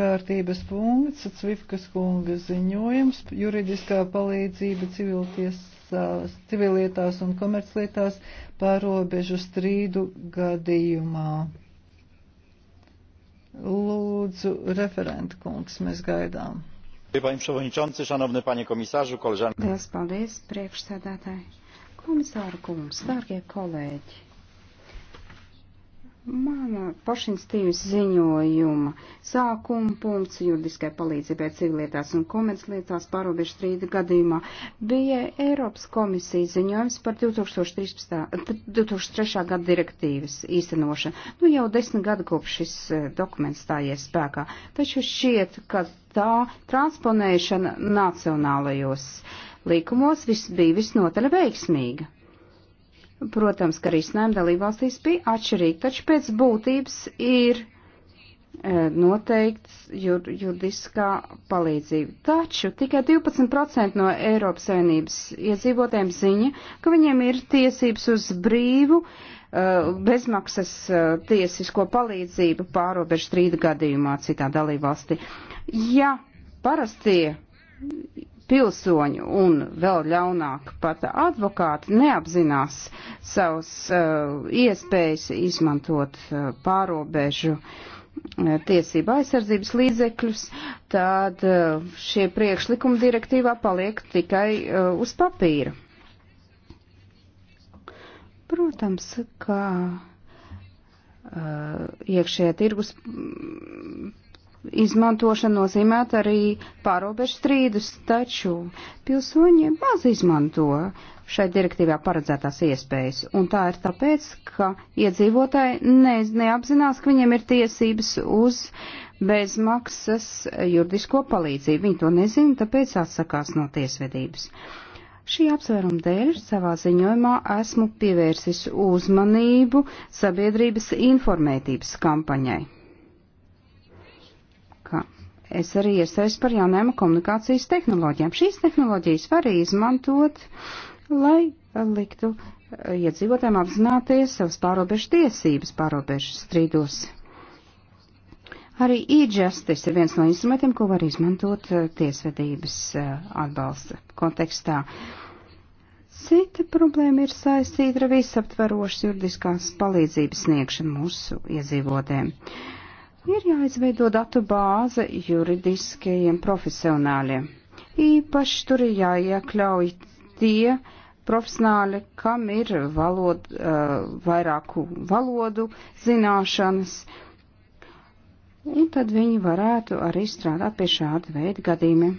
kārtības punkts, Cvifkas kunga ziņojums, juridiskā palīdzība civilietās un komerclietās pārobežu strīdu gadījumā. Lūdzu, referent kungs, mēs gaidām. Liels paldies, priekšsēdētāji, komisāru kungs, dārgie kolēģi! Mana pašinstīvas ziņojuma sākuma punkts juridiskai palīdzībai civilietās un komerclietās pārobežu strīdu gadījumā bija Eiropas komisijas ziņojums par 2013, 2003. gada direktīvas īstenošanu. Nu jau desmit gadu kopš šis e, dokuments stājies spēkā, taču šķiet, ka tā transponēšana nacionālajos likumos vis bija visnotaļ veiksmīga Protams, ka risinājumi dalībvalstīs bija atšķirīgi, taču pēc būtības ir e, noteikts jur, juridiskā palīdzība. Taču tikai 12% no Eiropas Savienības iedzīvotājiem ziņa, ka viņiem ir tiesības uz brīvu, e, bezmaksas e, tiesisko palīdzību pārobežu strīda gadījumā citā dalībvalstī. Ja parastie pilsoņu un vēl ļaunāk pat advokāti neapzinās savus uh, iespējas izmantot uh, pārobežu uh, tiesību aizsardzības līdzekļus, tad uh, šie priekšlikumi direktīvā paliek tikai uh, uz papīra. Protams, ka uh, iekšējā tirgus izmantošana nozīmētu arī pārobežu strīdus, taču pilsoņi maz izmanto šai direktīvā paredzētās iespējas, un tā ir tāpēc, ka iedzīvotāji ne, neapzinās, ka viņiem ir tiesības uz bezmaksas juridisko palīdzību. Viņi to nezina, tāpēc atsakās no tiesvedības. Šī apsvēruma dēļ savā ziņojumā esmu pievērsis uzmanību sabiedrības informētības kampaņai. Es arī iesaistos par jaunajām komunikācijas tehnoloģijām. Šīs tehnoloģijas var izmantot, lai liktu eh, iedzīvotājiem apzināties savas pārobežu tiesības pārobežu strīdos. Arī e-justice ir viens no instrumentiem, ko var izmantot eh, tiesvedības eh, atbalsta kontekstā. Cita problēma ir saistīta ar visaptvarošu juridiskās palīdzības sniegšanu mūsu iedzīvotēm. Uh, Ir jāizveido datu bāze juridiskajiem profesionāļiem. Īpaši tur ir jāiekļauj tie profesionāļi, kam ir valod, uh, vairāku valodu zināšanas, un tad viņi varētu arī strādāt pie šāda veida gadījumiem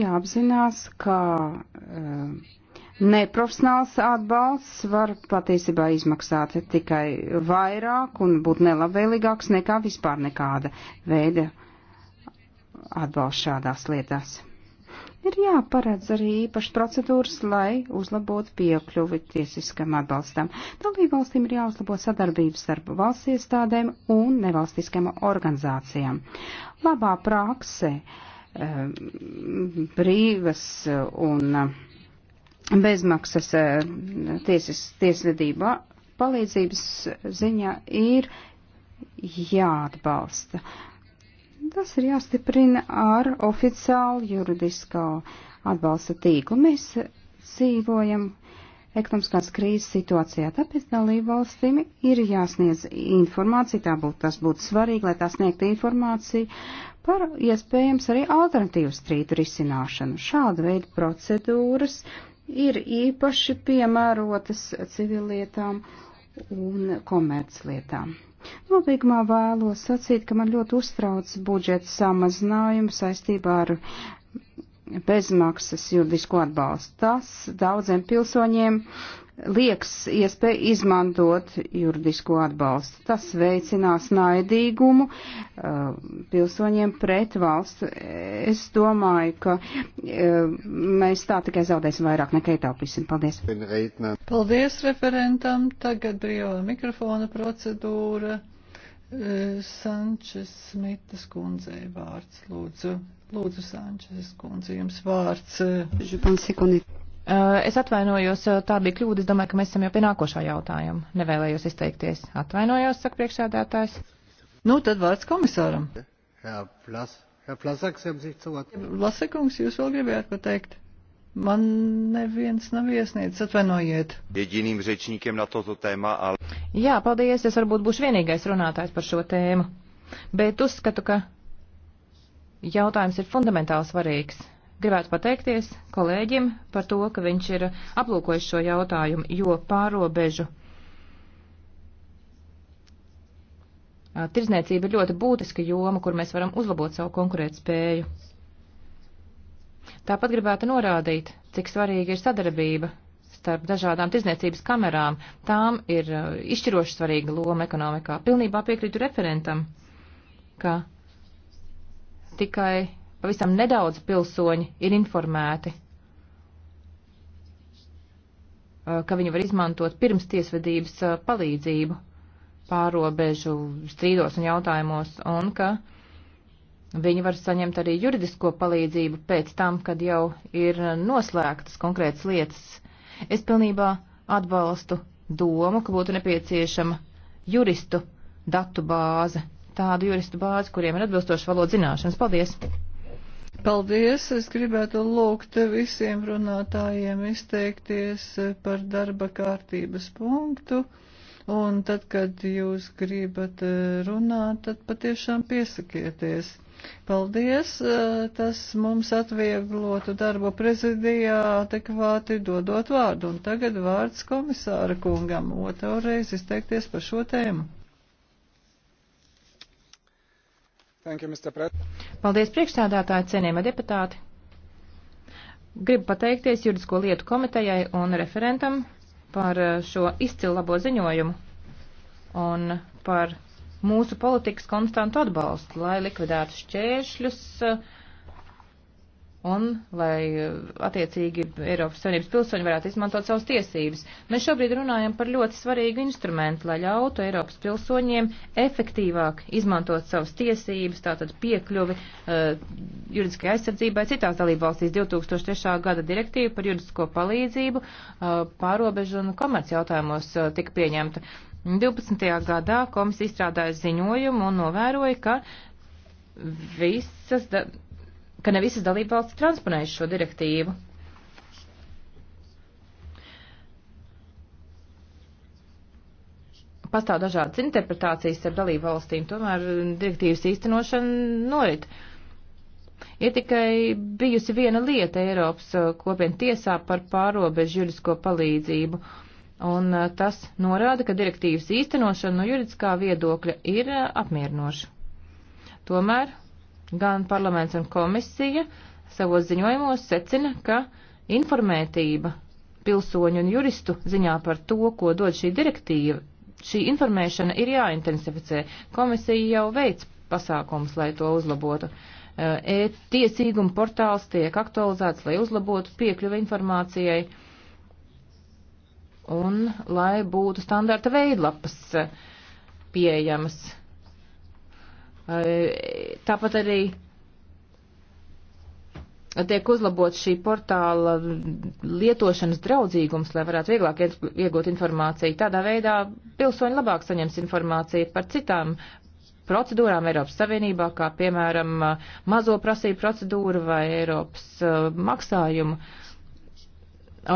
jāapzinās, ka uh, Neprofesionāls atbalsts var patiesībā izmaksāt tikai vairāk un būt nelabvēlīgāks nekā vispār nekāda veida atbalsts šādās lietās. Ir jāparedz arī īpašas procedūras, lai uzlabotu piekļuvi tiesiskam atbalstam. Dalībvalstīm ir jāuzlabo sadarbības starp valsts iestādēm un nevalstiskām organizācijām. Labā prakse, eh, brīvas un bezmaksas eh, tiesis, tiesvedība palīdzības ziņā ir jāatbalsta. Tas ir jāstiprina ar oficiālu juridiskā atbalsta tīklu. Mēs dzīvojam ekonomiskās krīzes situācijā. Tāpēc dalību valstīm ir jāsniedz informācija, tā būtu, tas būtu svarīgi, lai tā sniegtu informāciju par iespējams arī alternatīvu strītu risināšanu. Šāda veida procedūras ir īpaši piemērotas civilietām un komerclietām. Nobeigumā vēlos sacīt, ka man ļoti uztrauc budžeta samazinājumu saistībā ar bezmaksas juridisko atbalstu. Tas daudziem pilsoņiem uh, liekas iespēja izmantot juridisko atbalstu. Tas veicinās naidīgumu uh, pilsoņiem pret valstu. Es domāju, ka uh, mēs tā tikai zaudēsim vairāk nekā ietaupīsim. Paldies. Paldies referentam. Tagad brīvā mikrofona procedūra. Uh, Sančes Smitas kundzei vārds, lūdzu. Lūdzu, Sančes kundze, jums vārds. Je pense qu'on est Eh, es atvainojos, eh, tā bija kļūda. Es domāju, ka mēs esam jau pie nākošā jautājuma. Nevēlējos izteikties. Atvainojos, saka priekšsēdētājs. Nu, tad vārds komisāram. Herr Plas, Herr Plasaks, jums ir cilvēks. Lasekungs, jūs vēl gribējāt pateikt? Man neviens nav iesniedzis, atvainojiet. Jediným rečníkiem na toto tēmā. Ale... Jā, paldies, es varbūt būšu vienīgais runātājs par šo tēmu. Bet uzskatu, ka jautājums ir fundamentāli svarīgs Gribētu pateikties kolēģim par to, ka viņš ir aplūkojis šo jautājumu, jo pārobežu tirzniecība ir ļoti būtiska joma, kur mēs varam uzlabot savu konkurētspēju. Tāpat gribētu norādīt, cik svarīga ir sadarbība starp dažādām tirzniecības kamerām. Tām ir izšķiroši svarīga loma ekonomikā. Pilnībā piekrītu referentam, ka tikai pavisam nedaudz pilsoņi ir informēti, eh, ka viņi var izmantot pirms tiesvedības eh, palīdzību pārobežu strīdos un jautājumos, un ka viņi var saņemt arī juridisko palīdzību pēc tam, kad jau ir noslēgtas konkrētas lietas. Es pilnībā atbalstu domu, ka būtu nepieciešama juristu datu bāze, tādu juristu bāzi, kuriem ir atbilstoši valodas zināšanas. Paldies! Paldies! Es gribētu lūgt visiem runātājiem izteikties par darba kārtības punktu. Un tad, kad jūs gribat runāt, tad patiešām piesakieties. Paldies, tas mums atvieglotu darbu prezidijā adekvāti dodot vārdu. Un tagad vārds komisāra kungam otru reizi izteikties par šo tēmu. You, Paldies priekšstādātāji, cienījamie deputāti. Gribu pateikties juridisko lietu komitejai un referentam par eh, šo izcilu labo ziņojumu un par mūsu politikas konstantu atbalstu, lai likvidētu šķēršļus uh, un lai eh, attiecīgi Eiropas Savienības pilsoņi varētu izmantot savas tiesības. Mēs šobrīd runājam par ļoti svarīgu instrumentu, lai ļautu Eiropas pilsoņiem efektīvāk izmantot savas tiesības, tātad piekļuvi uh, eh, juridiskai aizsardzībai citās dalībvalstīs 2003. gada direktīva par juridisko palīdzību uh, pārobežu un komerci jautājumos uh, tika pieņemta. 12. gadā komisija izstrādāja ziņojumu un novēroja, ka visas ka ne visas dalībvalstis transponējuši šo direktīvu. Pastāv dažādas interpretācijas ar dalībvalstīm, tomēr direktīvas īstenošana norit. Ir tikai bijusi viena lieta Eiropas uh, kopienu tiesā par pārobežu juridisko palīdzību, un uh, tas norāda, ka direktīvas īstenošana no juridiskā viedokļa ir uh, apmierinoša. Tomēr Gan parlaments un komisija savos ziņojumos secina, ka informētība pilsoņu un juristu ziņā par to, ko dod šī direktīva, šī informēšana ir jāintensificē. Komisija jau veic pasākums, lai to uzlabotu. E-tiesīguma portāls tiek aktualizēts, lai uzlabotu piekļuvi informācijai un lai būtu standarta veidlapas pieejamas Eh, tāpat arī tiek uzlabots šī portāla lietošanas draudzīgums, lai varētu vieglāk iegūt informāciju. Tādā veidā pilsoņi labāk saņems informāciju par citām procedūrām Eiropas Savienībā, kā piemēram eh, mazo prasību procedūru vai Eiropas eh, maksājumu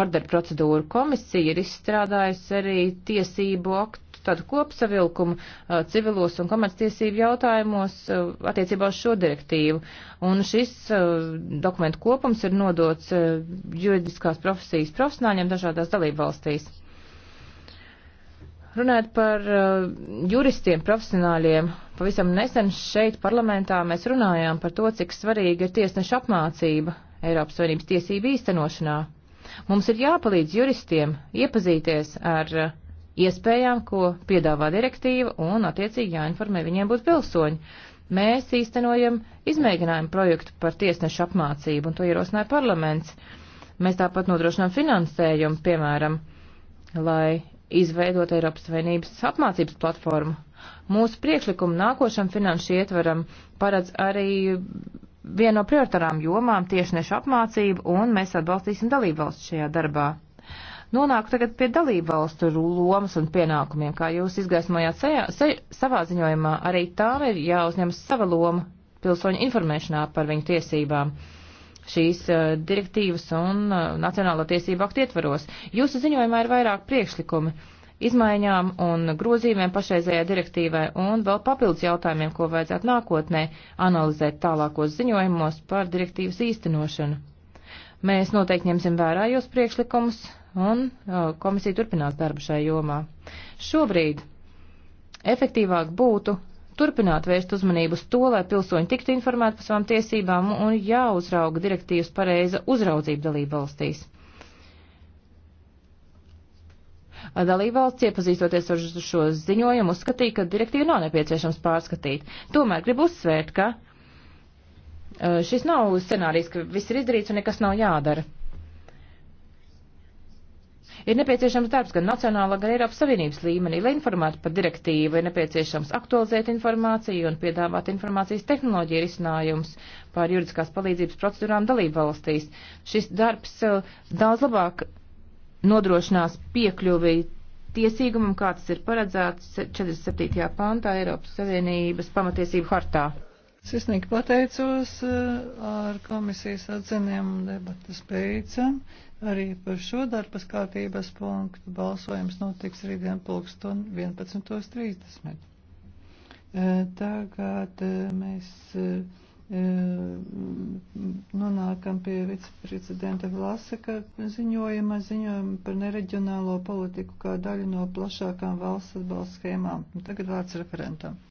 orderu procedūru. Komisija ir izstrādājusi arī tiesību aktu tādu kopsavilkumu uh, civilos un komerctiesību jautājumos uh, attiecībā uz šo direktīvu. Un šis uh, dokumentu kopums ir nodots juridiskās profesijas profesionāļiem dažādās dalību valstīs. Runājot par uh, juristiem, profesionāļiem, pavisam nesen šeit parlamentā mēs runājām par to, cik svarīga ir tiesneša apmācība Eiropas Savienības tiesību īstenošanā. Mums ir jāpalīdz juristiem iepazīties ar uh, iespējām, ko piedāvā direktīva, un attiecīgi jāinformē viņiem būt pilsoņi. Mēs īstenojam izmēģinājumu projektu par tiesnešu apmācību, un to ierosināja parlaments. Mēs tāpat nodrošinām finansējumu, piemēram, lai izveidot Eiropas Savienības apmācības platformu. Mūsu priekšlikumu nākošam finanšu ietvaram paredz arī viena no prioritārām jomām tiešnešu apmācību, un mēs atbalstīsim dalībvalsts šajā darbā. Nonāku tagad pie dalību valstu lomas un pienākumiem, kā jūs izgaismojāt sajā, se, savā ziņojumā, arī tām ir jāuzņemas sava loma pilsoņu informēšanā par viņu tiesībām šīs uh, direktīvas un uh, nacionālo tiesību aktu ietvaros. Jūsu ziņojumā ir vairāk priekšlikumi izmaiņām un grozījumiem pašreizējā direktīvai un vēl papildus jautājumiem, ko vajadzētu nākotnē analizēt tālākos ziņojumos par direktīvas īstenošanu. Mēs noteikti ņemsim vērā jūs priekšlikumus, un uh, komisija turpinās darbu šai jomā. Šobrīd efektīvāk būtu turpināt vērst uzmanību uz to, lai pilsoņi tiktu informēti par savām tiesībām un jāuzrauga direktīvas pareiza uzraudzība dalību valstīs. Dalībvalsts, iepazīstoties ar šo ziņojumu, uzskatīja, ka direktīvu nav nepieciešams pārskatīt. Tomēr gribu uzsvērt, ka uh, šis nav scenārijs, ka viss ir izdarīts un nekas nav jādara. Ir nepieciešams darbs gan nacionālā, gan Eiropas Savienības līmenī, lai informētu par direktīvu, ir nepieciešams aktualizēt informāciju un piedāvāt informācijas tehnoloģiju risinājumus par juridiskās palīdzības procedūrām dalību valstīs. Šis darbs eh, daudz labāk nodrošinās piekļuvi tiesīgumam, kāds ir paredzēts 47. pāntā Eiropas Savienības pamatiesību hartā. Sirsnīgi pateicos eh, ar komisijas atziniem debatas beidzam. Arī par šo darbas kārtības punktu balsojums notiks rītdien pulksten 11.30. Eh, tagad eh, mēs mm, nonākam pie viceprezidenta Vlasaka ziņojuma, ziņojuma par nereģionālo politiku kā daļu no plašākām valsts atbalsta schēmām. Tagad vārds referentam.